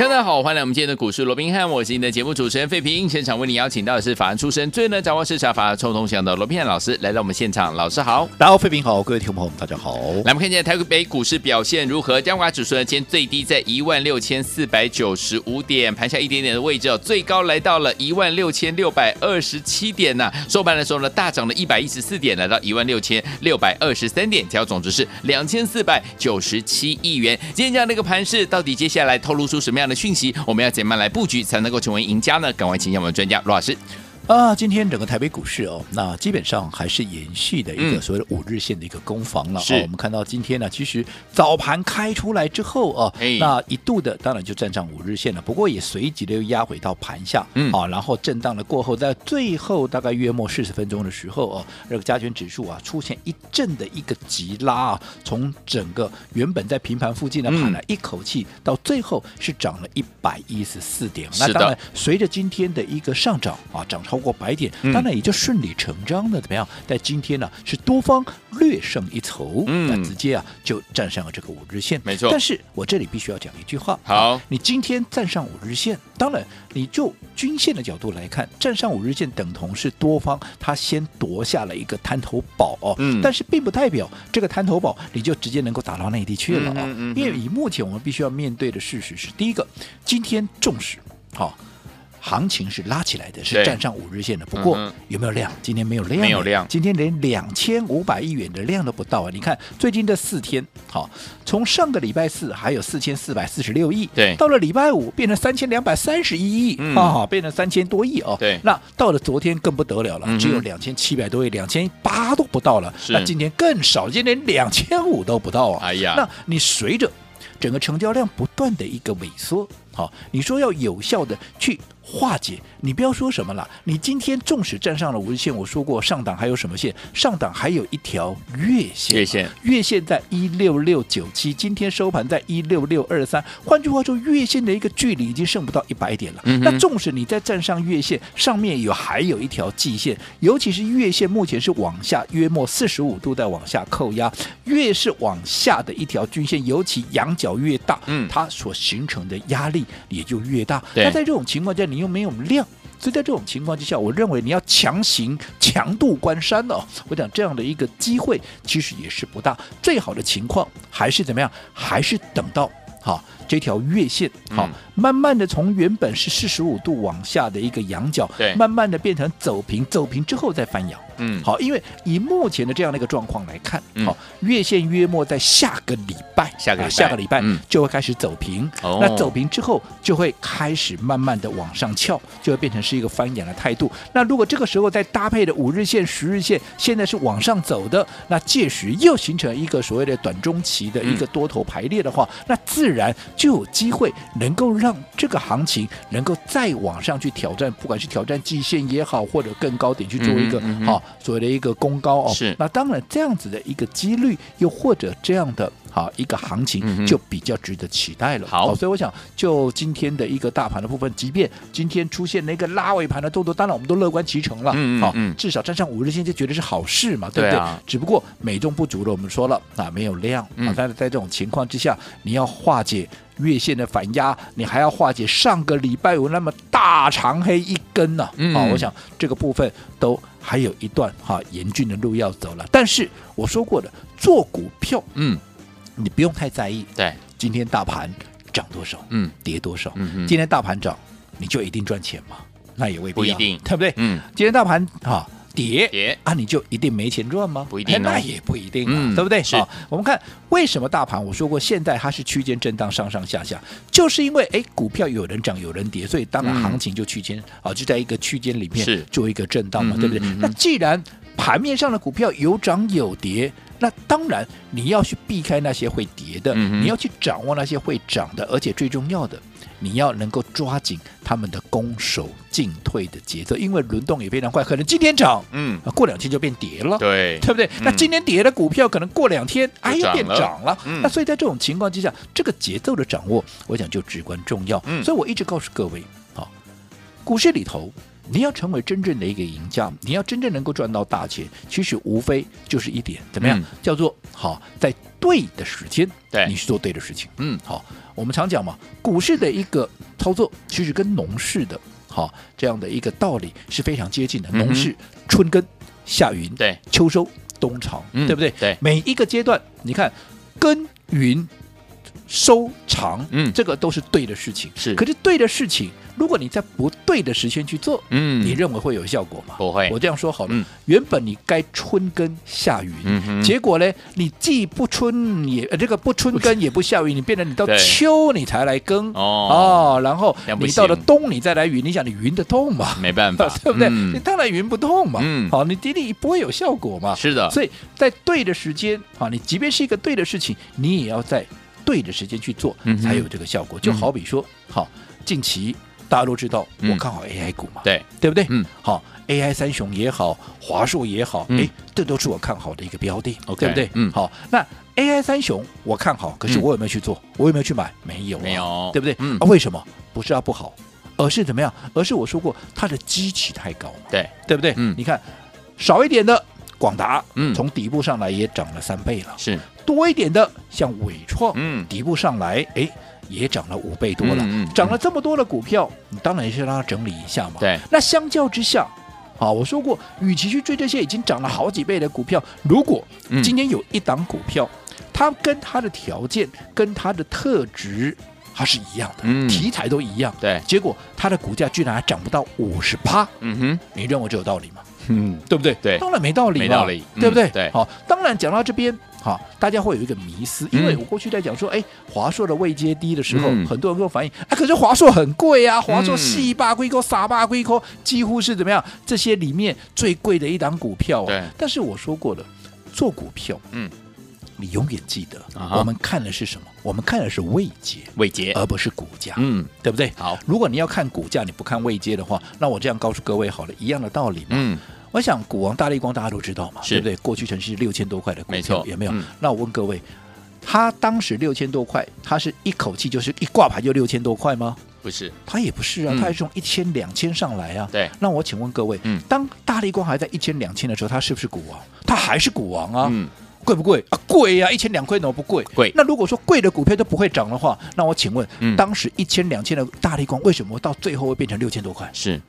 大家好，歡迎來我們今天的股市羅賓漢，我是你的節目主持人費平。現場為你邀請到的是法人出身、最能掌握市場法人動向的羅賓漢老師，來到我們現場。老師好，大家好，費平好，各位聽眾朋友們，大家好。來，我們看一下台北股市表現如何？加權指數呢，今天最低在一萬六千四百九十五點，盤下一點點的位置哦，最高來到了一萬六千六百二十七點吶、啊。收盤的時候呢，大漲了一百一十四點，來到一萬六千六百二十三點，交易總值是兩千四百九十七億元。今天講那個盤勢，到底接下來透露出什麼樣的？的訊息，我們要怎麼來布局才能夠成為贏家呢？趕快請教我們的專家羅老師。啊，今天整個台北股市哦，那基本上還是延續的一個所謂的五日線的一個攻防了。嗯、是、哦，我們看到今天呢，其實早盤開出來之後哦、啊，嘿那一度的當然就站上五日線了，不過也隨即的又壓回到盤下。嗯、啊，然後震盪了過後，在最後大概約莫四十分鐘的時候哦、啊，那、這個加權指數啊出現一陣的一個急拉啊，從整個原本在平盤附近的盤了、啊嗯、一口氣，到最後是漲了一百一十四點。的那當然隨着今天的一個上漲啊，漲超。過白點當然也就順理成章的、嗯、怎麼樣？在今天呢、啊，是多方略勝一籌，嗯，直接啊就站上了這個五日線，沒錯。但是，我這裡必須要講一句話，好、啊，你今天站上五日線，當然你就均線的角度來看，站上五日線等同是多方他先奪下了一個灘頭堡哦，嗯、但是並不代表這個灘頭堡你就直接能夠打到內地去了、嗯、啊，嗯、因為以目前我們必須要面對的事實是，第一個，今天重視好。啊行情是拉起來的，是站上五日線的。是不過、嗯、哼有沒有量？今天沒有量，沒有量。今天連兩千五百億元的量都不到啊！你看最近這四天，好、哦，從上個禮拜四還有四千四百四十六億，對，到了禮拜五變成三千兩百三十一億，啊，變成三千、嗯、哦、多億哦。對，那到了昨天更不得了了，嗯、哼只有兩千七百多億，兩千八都不到了。是那今天更少，今天連兩千五都不到啊！哎呀，那你隨着整個成交量不斷的一個萎縮，好、哦，你說要有效的去。化解，你不要說什麼了。你今天縱使站上了五日線，我說過上檔還有什麼線？上檔還有一條月線，月線月線在一六六九七，今天收盤在一六六二三。換句話說，月線的一個距離已經剩不到一百點了。嗯、哼那縱使你再站上月線，上面有還有一條季線，尤其是月線目前是往下約莫四十五度在往下扣壓，越是往下的一條均線，尤其仰角越大，它所形成的壓力也就越大。嗯、那在這種情況下，你又沒有量，所以在這種情況之下，我認為你要強行強渡關山哦。我講這樣的一個機會其實也是不大。最好的情況還是怎麼樣？還是等到好、哦、這條月線好、嗯哦，慢慢的從原本是四十五度往下的一個仰角，對慢慢的變成走平，走平之後再翻揚，嗯，好，因為以目前的這樣的一個狀況來看，好、嗯、月線約莫，在下個禮拜，下個下個禮拜就會開始走平。哦、那走平之後，就會開始慢慢的往上翹，就會變成是一個翻眼的態度。那如果這個時候再搭配的五日線、十日線，現在是往上走的，那屆時又形成一個所謂的短中期的一個多頭排列的話，嗯、那自然就有機會能夠讓這個行情能夠再往上去挑戰，不管是挑戰季線也好，或者更高點去做一個、嗯、好。所謂的一個攻高哦，是那當然這樣子的一個幾率，又或者這樣的好、啊、一個行情，就比較值得期待了。嗯、好、哦，所以我想就今天的一個大盤的部分，即便今天出現了一個拉尾盤的動作，當然我們都樂觀其成了，好、嗯嗯嗯哦，至少站上五日線就覺得是好事嘛，對不對？對啊、只不過美中不足的，我們說了啊，沒有量、嗯、啊。但是在這種情況之下，你要化解月線的反壓，你還要化解上個禮拜有那麼大長黑一根呢、啊。啊、嗯嗯哦，我想這個部分都。還有一段哈、啊、嚴峻的路要走了，但是我說過的，做股票，嗯，你不用太在意，對，今天大盤漲多少，嗯，跌多少，嗯哼，今天大盤漲，你就一定賺錢嗎？那也未必，不一定，對不對？嗯，今天大盤哈。啊跌跌啊，你就一定沒錢賺嗎？不一定，哦哎，那也不一定啊，嗯、對不對？好是、哦，我們看為什麼大盤，我說過現在它是區間震盪，上上下下，就是因為哎，股票有人漲有人跌，所以當然行情就區間啊，嗯哦，就在一個區間裡面做一個震盪嘛，是對不對？嗯嗯嗯，那既然盤面上的股票有漲有跌。那當然，你要去避開那些會跌的，嗯哼，你要去掌握那些會漲的，而且最重要的，你要能夠抓緊他們的攻守進退的節奏，因為輪動也非常快，可能今天漲，嗯、啊，過兩天就變跌了，對，對不對？嗯、那今天跌的股票，可能過兩天，哎、啊，又變漲了，嗯、那所以在這種情況之下，這個節奏的掌握，我想就至關重要。嗯、所以我一直告訴各位啊，股市裡頭。你要成為真正的一個贏家，你要真正能夠賺到大錢，其實無非就是一點，怎麼樣，嗯、叫做好在對的時間，對，你是做對的事情，嗯，好，我們常講嘛，股市的一個操作，其實跟農事的好這樣的一個道理是非常接近的，農事、嗯、哼春耕、夏耘、對，秋收、冬藏，嗯、對不對？對，每一個階段，你看，耕耘。云收藏，嗯，這個都是對的事情，是。可是對的事情，如果你在不對的時間去做，嗯，你認為會有效果嗎？不會。我這樣說好了，原本你該春耕夏耘，結果呢，你既不春也這個不春耕也不夏耘，你變成你到秋你才來耕哦，然後你到了冬你再來耘，你想你耘得動嗎？沒辦法，對不對？你當然耘不動嘛，嗯，好，你地力不會有效果嘛，是的。所以在對的時間啊，你即便是一個對的事情，你也要在。對着時間去做，才有這個效果。就好比說，好，近期大家都知道，我看好 AI 股嘛，對對不對？好，AI 三雄也好，華碩也好，哎，這都是我看好的一個標的，對不對？好，那 AI 三雄我看好，可是我有沒有去做？我有沒有去買？沒有，沒有，對不對？嗯，為什麼？不是它、啊、不好，而是怎麼樣？而是我說過，它的基期太高，對對不對？你看少一點的。廣達，嗯，從底部上來也漲了三倍了，是多一點的，像緯創，嗯，底部上來，哎、嗯，也漲了五倍多了，嗯，嗯，嗯，漲了這麼多的股票，你當然也是讓它整理一下嘛，對。那相較之下，啊，我說過，與其去追這些已經漲了好幾倍的股票，如果今天有一檔股票，嗯、它跟它的條件、跟它的特質它是一樣的，嗯，題材都一樣，對，結果它的股價居然還漲不到五十趴，嗯哼，你認為這有道理嗎？嗯，對不對？對，當然沒道理，沒道理，對不對？對，好，當然講到這邊，好，大家會有一個迷思，因為我過去在講說，哎，華碩的位階低的時候，很多人會反映，哎，可是華碩很貴啊，華碩四百幾塊，三百幾塊，幾乎是怎麼樣？這些裡面最貴的一檔股票，對，但是我說過了，做股票，嗯，你永遠記得，我們看的是什麼？我們看的是位階，位階，而不是股價，嗯，對不對？好，如果你要看股價，你不看位階的話，那我這樣告訴各位好了，一樣的道理嘛，嗯。我想股王大立光大家都知道嘛，對不對？過去曾是六千多塊的股票，也沒有？那我問各位，他當時六千多塊，他是一口氣就是一掛牌就六千多塊嗎？不是，他也不是啊，他是從一千兩千上來啊。對，那我請問各位，當大立光還在一千兩千的時候，他是不是股王？他還是股王啊？貴不貴啊？貴呀，一千兩塊怎麼不貴？貴。那如果說貴的股票都不會漲的話，那我請問，當時一千兩千的大立光為什麼到最後會變成六千多塊？是。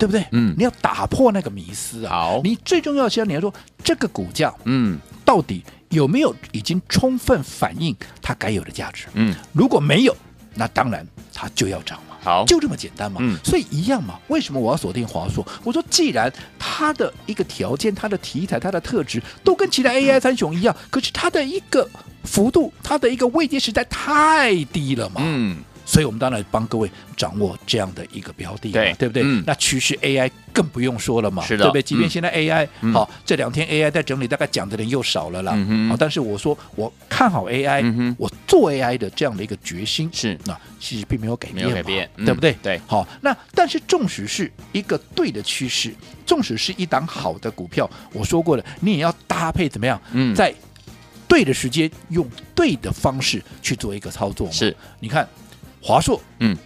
對不對？嗯，你要打破那個迷思啊！好，你最重要的是要你要說這個股價，嗯，到底有沒有已經充分反映它該有的價值？嗯，如果沒有，那當然它就要漲嘛。好，就這麼簡單嘛。嗯、所以一樣嘛。為什麼我要鎖定華碩？我說，既然它的一個條件、它的題材、它的特質都跟其他 AI 三雄一樣，嗯、可是它的一個幅度、它的一個位置實在太低了嘛。嗯。所以，我們當然幫各位掌握這樣的一個標的，對不對？那趨勢 AI 更不用說了嘛，對不對？即便現在 AI 好，這兩天 AI 在整理，大概講的人又少了啦。但是我說我看好 AI，我做 AI 的這樣的一個決心是那其實並沒有改變，沒有改變，對不對？對。好，那但是縱使是一個對的趨勢，縱使是一檔好的股票，我說過了，你也要搭配怎麼樣？在對的時間用對的方式去做一個操作。是，你看。華碩，嗯，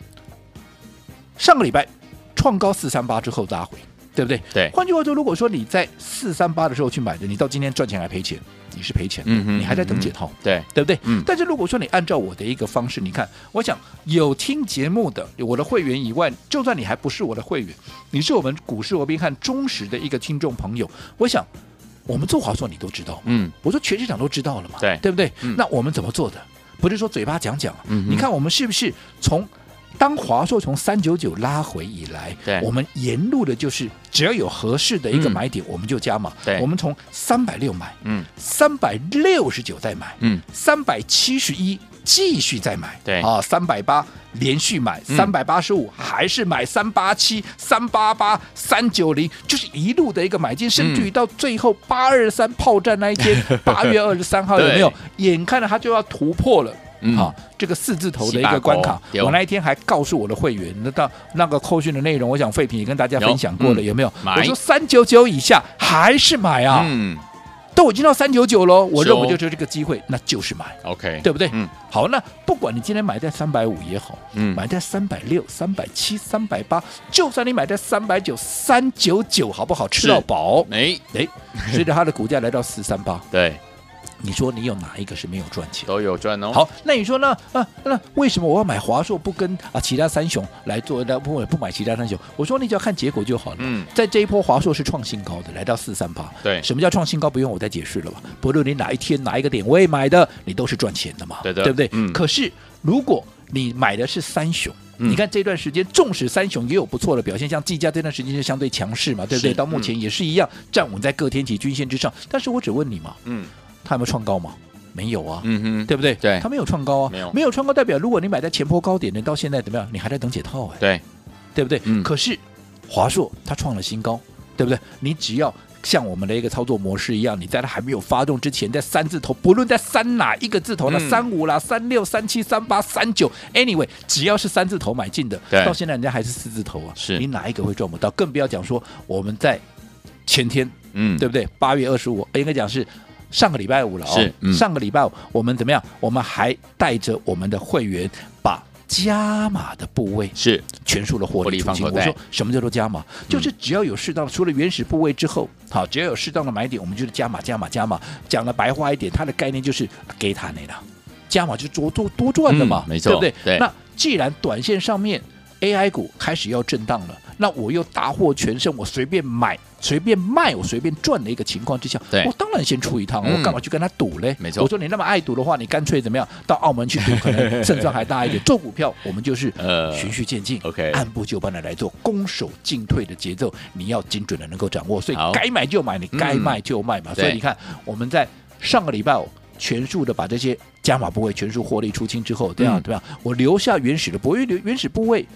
上個禮拜創高四三八之後拉回，對不對？對。換句話說，如果說你在四三八的時候去買的，你到今天賺錢還賠錢？你是賠錢的，嗯、哼你還在等解套，嗯、哼對對不對？嗯、但是如果說你按照我的一個方式，你看，我想有聽節目的，我的會員以外，就算你還不是我的會員，你是我們股市羅賓漢忠實的一個聽眾朋友，我想我們做華碩你都知道嘛？嗯，我說全市場都知道了嘛？對，對不對？嗯、那我們怎麼做的？不是說嘴巴講講啊、嗯、哼你看我們是不是從當華碩從三九九拉回以來，對我們沿路的就是只要有合適的一個買點，嗯、我們就加碼。對我們從三百六買，嗯，三百六十九再買，嗯，三百七十一。繼續再買，對啊，三百八連續買三百八十五，85, 嗯、還是買三八七、三八八、三九零，就是一路的一個買進，嗯、甚至於到最後八二三炮戰那一天，八月二十三號 對有沒有？眼看着它就要突破了，嗯、啊，這個四字頭的一個關卡，我那一天還告訴我的會員，那到那個扣訊的內容，我想廢品也跟大家分享過了，有,嗯、有沒有？買我說三九九以下還是買啊。嗯都已經到三九九嘍，so, 我認為就是這個機會，那就是買，OK，對不對？嗯，好，那不管你今天買在三百五也好，嗯，買在三百六、三百七、三百八，就算你買在三百九、三九九，好不好是吃到飽？誒誒沒，隨着它的股價來到四三八，對。你說你有哪一個是沒有賺錢？都有賺哦。好，那你說呢？啊那,那為什麼我要買華碩不跟啊其他三雄來做？那不，不買其他三雄？我說你只要看結果就好了。嗯，在這一波華碩是創新高的，來到四三八。對，什麼叫創新高？不用我再解釋了吧？不論你哪一天哪一個點位買的，你都是賺錢的嘛，對,的對不對？嗯、可是如果你買的是三雄，嗯、你看這段時間，縱使三雄也有不錯的表現，像技嘉這段時間是相對強勢嘛，對不對？是到目前也是一樣站穩在各天期均線之上。但是我只問你嘛，嗯。他有沒有創高嘛？沒有啊，嗯哼，對不對？對，他沒有創高啊，沒有，沒有創高代表，如果你買在前波高點，你到現在怎麼樣？你還在等解套哎、欸，對，對不對？嗯、可是華碩它創了新高，對不對？你只要像我們的一個操作模式一樣，你在它還沒有發動之前，在三字頭，不論在三哪一個字頭、嗯、那三五啦、三六、三七、三八、三九，anyway，只要是三字頭買進的，對到現在人家還是四字頭啊，是你哪一個會賺不到？更不要講說我們在前天，嗯，對不對？八月二十五，應該講是。上個禮拜五了哦，嗯、上個禮拜五我們怎麼樣？我們還帶着我們的會員，的會員把加碼的部位是全數的獲利出清。我說，我說什麼叫做加碼？嗯、就是只要有適當的，除了原始部位之後，好，只要有適當的買點，我們就是加碼、加碼、加碼。講的白話一點，它的概念就是給它那了，加碼就多多多賺的嘛，嗯、沒錯，對不對？對，那既然短線上面。AI 股開始要震盪了，那我又大獲全勝，我隨便買隨便賣，我隨便賺的一個情況之下，我對、哦、當然先出一趟，嗯、我幹嘛去跟他賭呢？沒錯錯，我說你那麼愛賭的話，你乾脆怎麼樣到澳門去賭，可能勝算還大一點。 做股票我們就是循序漸進、呃 okay、按部就班的來做，攻守進退的節奏你要精準的能夠掌握，所以該買就買，你該賣就賣嘛。嗯、所以你看對我們在上個禮拜哦，全數的把這些。加碼部位全數獲利出清之後，對啊，嗯、對啊，我留下原始的部位，留原始部位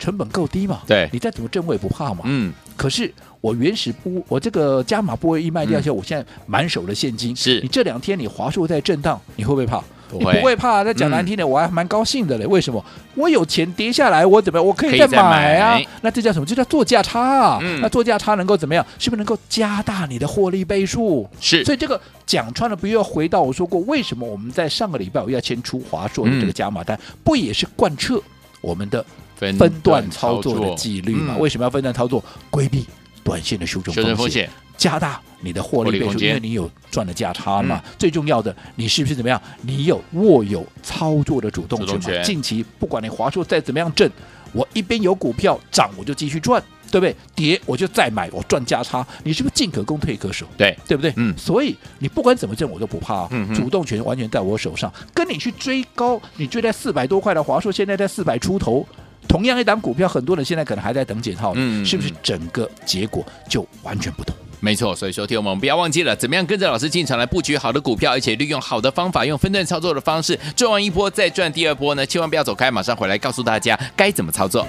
成本夠低嘛？對，你再怎麼證我也不怕嘛？嗯。可是我原始部，我這個加碼部位一賣掉下、嗯、我現在滿手的現金。是你這兩天你華碩在震盪，你會不會怕？你不會怕，再對講難聽點，嗯、我還蠻高興的嘞。為什麼？我有錢，跌下來，我怎麼樣？我可以再買啊？買，那這叫什麼？這叫做價差，啊。嗯、那做價差能夠怎麼樣？是不是能夠加大你的獲利倍數？是。所以這個講穿了，不又要回到我說過，為什麼我們在上個禮拜我要先出華碩的這個加碼單？嗯、不也是貫徹我們的分段操作的紀律嗎？嗯、為什麼要分段操作？規避短線的修正風險。加大你的獲利倍數，因為你有賺的價差嘛。嗯、最重要的，你是不是怎麼樣？你有握有操作的主動權嘛，主動權。近期不管你華碩再怎麼樣掙，我一邊有股票漲我就繼續賺，對不對？跌我就再買，我賺價差。你是不是進可攻退可守？對，對不對？嗯、所以你不管怎麼掙，我都不怕啊。嗯、哼主動權完全在我手上。跟你去追高，你追在四百多塊的華碩，現在在四百出頭。同樣一檔股票，很多人現在可能還在等解套，嗯、是不是？整個結果就完全不同。沒錯，所以說聽友們，我們不要忘記了，怎麼樣跟着老師進場來布局好的股票，而且利用好的方法，用分段操作的方式賺完一波再賺第二波呢？千萬不要走開，馬上回來告訴大家該怎麼操作。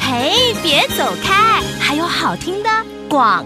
嘿，別走開，還有好聽的廣。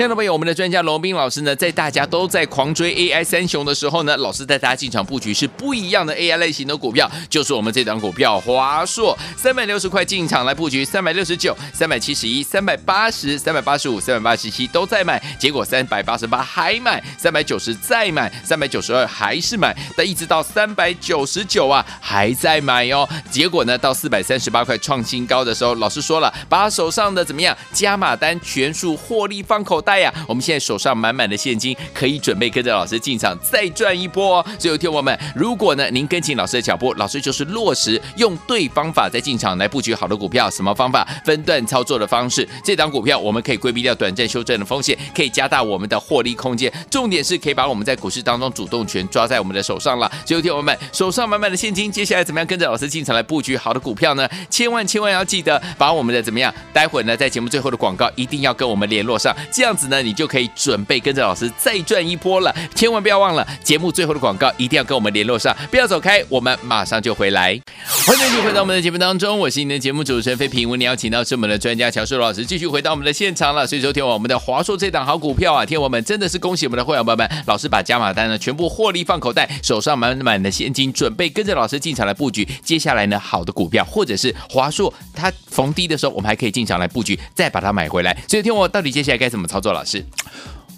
親愛的朋友們，我們的專家文彬老師呢，在大家都在狂追 AI 三雄的時候呢，老師帶大家進場布局是不一樣的 AI 類型的股票，就是我們這張股票華碩，三百六十塊進場來布局，三百六十九、三百七十一、三百八十、三百八十五、三百八十七都在買，結果三百八十八還買，三百九十再買，三百九十二還是買，但一直到三百九十九啊還在買哦。結果呢，到四百三十八塊創新高的時候，老師說了，把手上的怎麼樣？加碼單全數獲利放口袋。哎呀，我們現在手上滿滿的現金，可以準備跟着老師進場再賺一波。哦。所以，聽友們，如果呢您跟緊老師的腳步，老師就是落實用對方法在進場來布局好的股票。什麼方法？分段操作的方式。這檔股票我們可以規避掉短暫修正的風險，可以加大我們的獲利空間。重點是可以把我們在股市當中主動權抓在我們的手上了。所以，聽友們，手上滿滿的現金，接下來怎麼樣跟着老師進場來布局好的股票呢？千萬千萬要記得把我們的怎麼樣？待會呢在節目最後的廣告一定要跟我們聯絡上，這樣。這樣子呢，你就可以準備跟着老師再賺一波了。千萬不要忘了，節目最後的廣告一定要跟我們聯絡上，不要走開，我們馬上就回來。歡迎你回到我們的節目當中，我是你的節目主持人非平。我你邀要請到是我們的專家喬叔老師繼續回到我們的現場了。所以說天我我們的華碩這檔好股票啊，聽天我們真的是恭喜我們的會員朋友們，慢慢老師把加碼單呢全部獲利放口袋，手上滿滿的現金，準備跟着老師進場來布局。接下來呢，好的股票或者是華碩，它逢低的時候我們還可以進場來布局，再把它買回來。所以聽天我到底接下來該怎麼操作？做老師，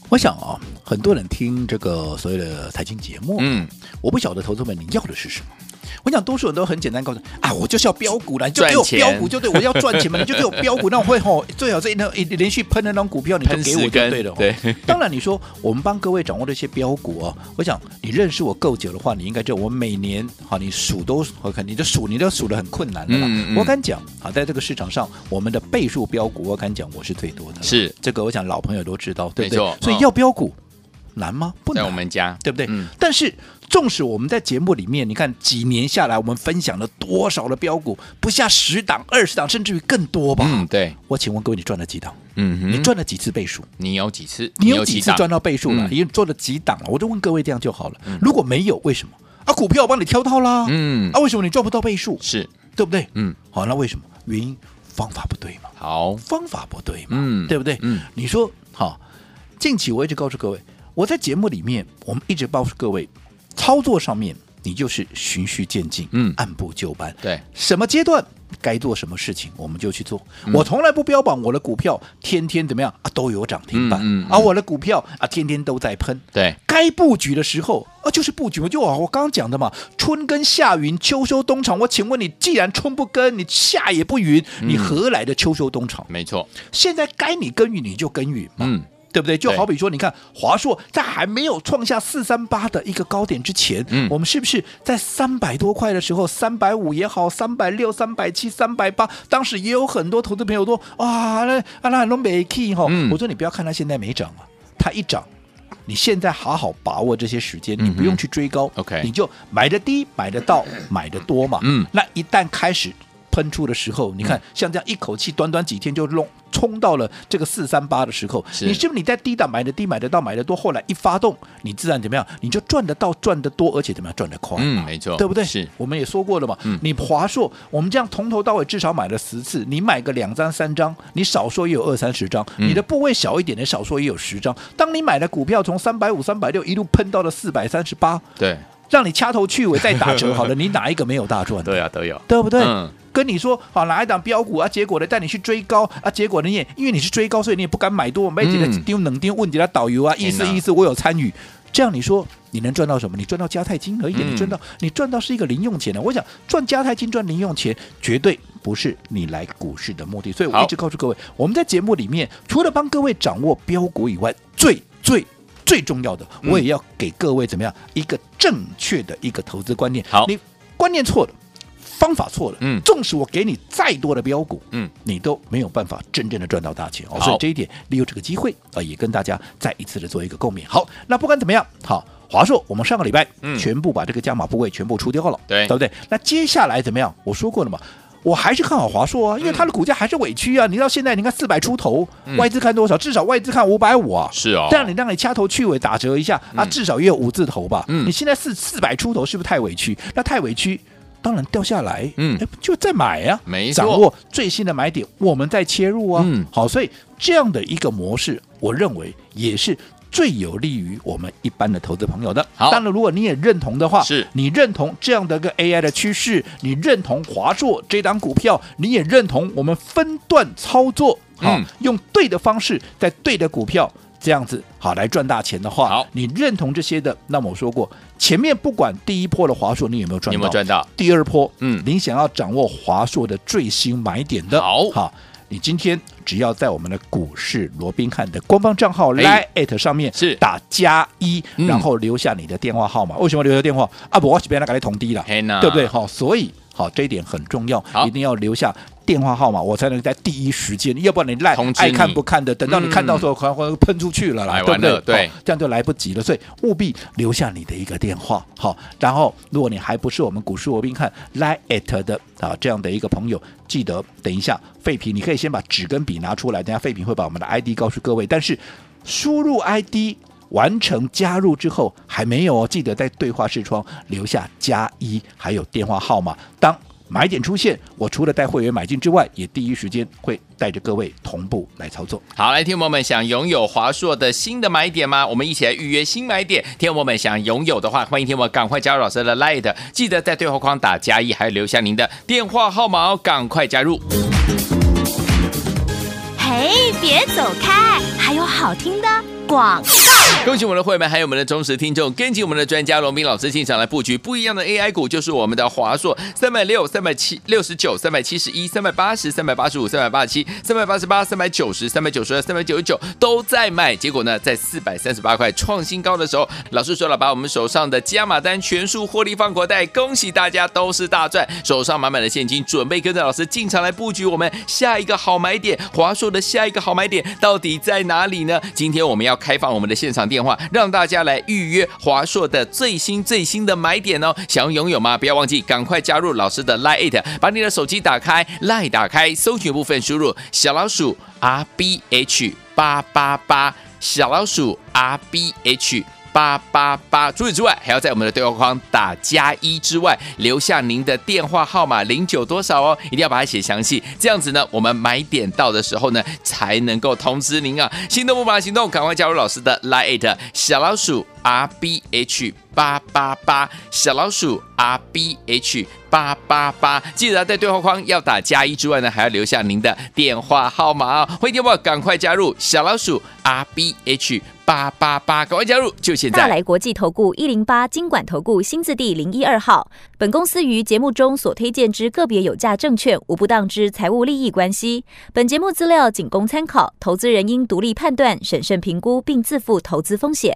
我想啊、哦，很多人聽這個所謂的財經節目，嗯，我不曉得投資們您要的是什麼。我想多數人都很簡單告訴啊，我就是要標股啦，你就給我標股，就對錢我要賺錢嘛，你就給我標股，那我會吼，最好這一輪連續噴的那種股票，你就給我，就對了。對。當然你說我們幫各位掌握這些標股哦，我想你認識我夠久的話，你應該知道，我每年哈，你數都可能，你都數，你都數得很困難的嘛。嗯嗯、我敢講啊，在這個市場上，我們的倍數標股，我敢講我是最多的。是這個，我想老朋友都知道，錯對不對？哦、所以要標股難嗎？不難，在我們家，對不對？嗯、但是。縱使我們在節目裡面，你看幾年下來，我們分享了多少的飆股，不下十檔、二十檔，甚至於更多吧。嗯，對。我請問各位，你賺了幾檔？嗯哼，你賺了幾次倍數？你有幾次？你有幾次賺到倍數了？已經做了幾檔了？我就問各位這樣就好了。如果沒有，為什麼？啊，股票我幫你挑到啦，嗯，啊，為什麼你賺不到倍數？是對不對？嗯，好，那為什麼？原因方法不對嘛。好，方法不對嘛。嗯，對不對？嗯，你說，好，近期我一直告訴各位，我在節目裡面，我們一直告訴各位，操作上面，你就是循序漸進，嗯，按部就班。對，什麼階段該做什麼事情，我們就去做。嗯、我從來不標榜我的股票天天怎麼樣啊，都有漲停板，而、嗯嗯嗯啊、我的股票啊，天天都在噴。對，該佈局的時候啊，就是佈局。我就我剛剛講的嘛，春耕夏耘，秋收冬藏。我請問你，既然春不耕，你夏也不耘，你何來的秋收冬藏？嗯、沒錯，現在該你耕耘，你就耕耘嘛。嗯。對不對？就好比說，你看對華碩在還沒有創下四三八的一個高點之前，嗯、我們是不是在三百多塊的時候，三百五也好，三百六、三百七、三百八，當時也有很多投資朋友都、哦、啊，那那很多沒起哈。啊啊哦嗯、我說你不要看它現在沒漲啊，它一漲，你現在好好把握這些時間，你不用去追高、嗯、，OK，你就買得低、買得到、買得多嘛。嗯，那一旦開始。噴出的時候，你看像這樣一口氣，短短幾天就弄衝到了這個四三八的時候，是你是不是你在低檔買的低買得到買的多，後來一發動，你自然怎麼樣？你就賺得到賺得多，而且怎麼樣賺得快？嗯，沒錯，對不對？是我們也說過了嘛。嗯、你華碩，我們這樣從頭到尾至少買了十次，你買個兩張三,三張，你少說也有二三十張。嗯、你的部位小一點的，少說也有十張。當你買的股票從三百五、三百六一路噴到了四百三十八，對，讓你掐頭去尾再打折好了， 你哪一個沒有大賺的？對啊，都有，對不對？嗯跟你說好哪一檔飆股啊，結果呢帶你去追高啊，結果呢也因為你是追高，所以你也不敢買多，沒幾、嗯、個丟冷丁，丁問你的導遊啊，意思意思、嗯啊、我有參與，這樣你說你能賺到什麼？你賺到加菜金而已，嗯、你賺到你賺到是一個零用錢呢。我想賺加菜金，賺零用錢絕對不是你來股市的目的。所以我一直告訴各位，好我們在節目裡面除了幫各位掌握飆股以外，最最最重要的，我也要給各位怎麼樣一個正確的一個投資觀念。好，你觀念錯了。方法錯了，嗯，縱使我給你再多的標股，嗯，你都沒有辦法真正的賺到大錢哦。所以這一點，利用這個機會啊，也跟大家再一次的做一個共勉。好，那不管怎麼樣，好，華碩，我們上個禮拜，嗯，全部把這個加碼部位全部出掉了，對，對不對？那接下來怎麼樣？我說過了嘛，我還是看好華碩啊，因為它的股價還是委屈啊。你到現在，你看四百出頭，外資看多少？至少外資看五百五啊，是啊。但你讓你掐頭去尾打折一下啊，至少也有五字頭吧。你現在四四百出頭是不是太委屈？那太委屈。當然掉下來，嗯，就再買呀、啊，沒錯，掌握最新的買點，我們再切入啊，嗯、好，所以這樣的一個模式，我認為也是最有利於我們一般的投資朋友的。好，當然，如果你也認同的話，是你認同這樣的一個 AI 的趨勢，你認同華碩這張股票，你也認同我們分段操作，好，嗯、用對的方式，在對的股票。這樣子好來賺大錢的話，好，你認同這些的，那麼我說過，前面不管第一波的華碩你有沒有賺，你有沒有賺到，第二波，嗯，您想要掌握華碩的最新買點的，好，好，你今天只要在我們的股市羅賓漢的官方賬號 LINE@ 上面打1、hey、是打加一，然後留下你的電話號碼。嗯、為什麼留下電話？啊，不，我是被那個來同的了，Hey na. 對不對？好，所以。好，這一點很重要，一定要留下電話號碼，好我才能在第一時間，要不然你賴你愛看不看的，等到你看到的時候，可能、嗯、噴出去了，來完了，對，這樣就來不及了，所以務必留下你的一個電話，好、哦，然後如果你還不是我們股市羅賓漢 LINE@、嗯、的啊、哦、這樣的一個朋友，記得等一下廢品，你可以先把紙跟筆拿出來，等下廢品會把我們的 ID 告訴各位，但是輸入 ID。完成加入之後還沒有哦，記得在對話視窗留下加一，1, 還有電話號碼。當買點出現，我除了帶會員買進之外，也第一時間會帶着各位同步來操作。好，來，聽友們想擁有華碩的新的買點嗎？我們一起來預約新買點。聽友們想擁有的話，歡迎聽友們趕快加入老師的 LINE，記得在對話框打加一，1, 還有留下您的電話號碼，哦，趕快加入。嘿，別走開，還有好聽的廣告。恭喜我們的會員們，還有我們的忠實聽眾，跟緊我們的專家文彬老師進場來佈局不一樣的 AI 股，就是我們的華碩，三百六、三百七、六十九、三百七十一、三百八十、三百八十五、三百八十七、三百八十八、三百九十、三百九十二、三百九十九都在賣。結果呢，在四百三十八塊創新高的時候，老師說了，把我們手上的加碼單全數獲利放口袋。恭喜大家都是大賺，手上滿滿的現金，準備跟着老師進場來佈局我們下一個好買點，華碩的下一個好買點到底在哪裡呢？今天我們要開放我們的現場電話讓大家來預約華碩的最新最新的買點哦！想要擁有嗎？不要忘記趕快加入老師的 LINE，把你的手機打開，LINE 打開，搜尋部分輸入小老鼠 R B H 八八八，小老鼠 R B H。8八八八。88, 除此之外，還要在我們的對話框打加一之外，留下您的電話號碼零九多少哦，一定要把它寫詳細。這樣子呢，我們買點到的時候呢，才能夠通知您啊。心動不馬上行動，趕快加入老師的 LINE@ 小老鼠。R B H 八八八，小老鼠 R B H 八八八，8 8, 記得在對話框要打加一之外呢，還要留下您的電話號碼啊、哦！歡迎電話，趕快加入小老鼠 R B H 八八八，8 8, 趕快加入，就現在。大來國際投顧一零八金管投顧新字第零一二號，本公司於節目中所推薦之個別有價證券無不當之財務利益關係。本節目資料僅供參考，投資人應獨立判斷、審慎評估並自負投資風險。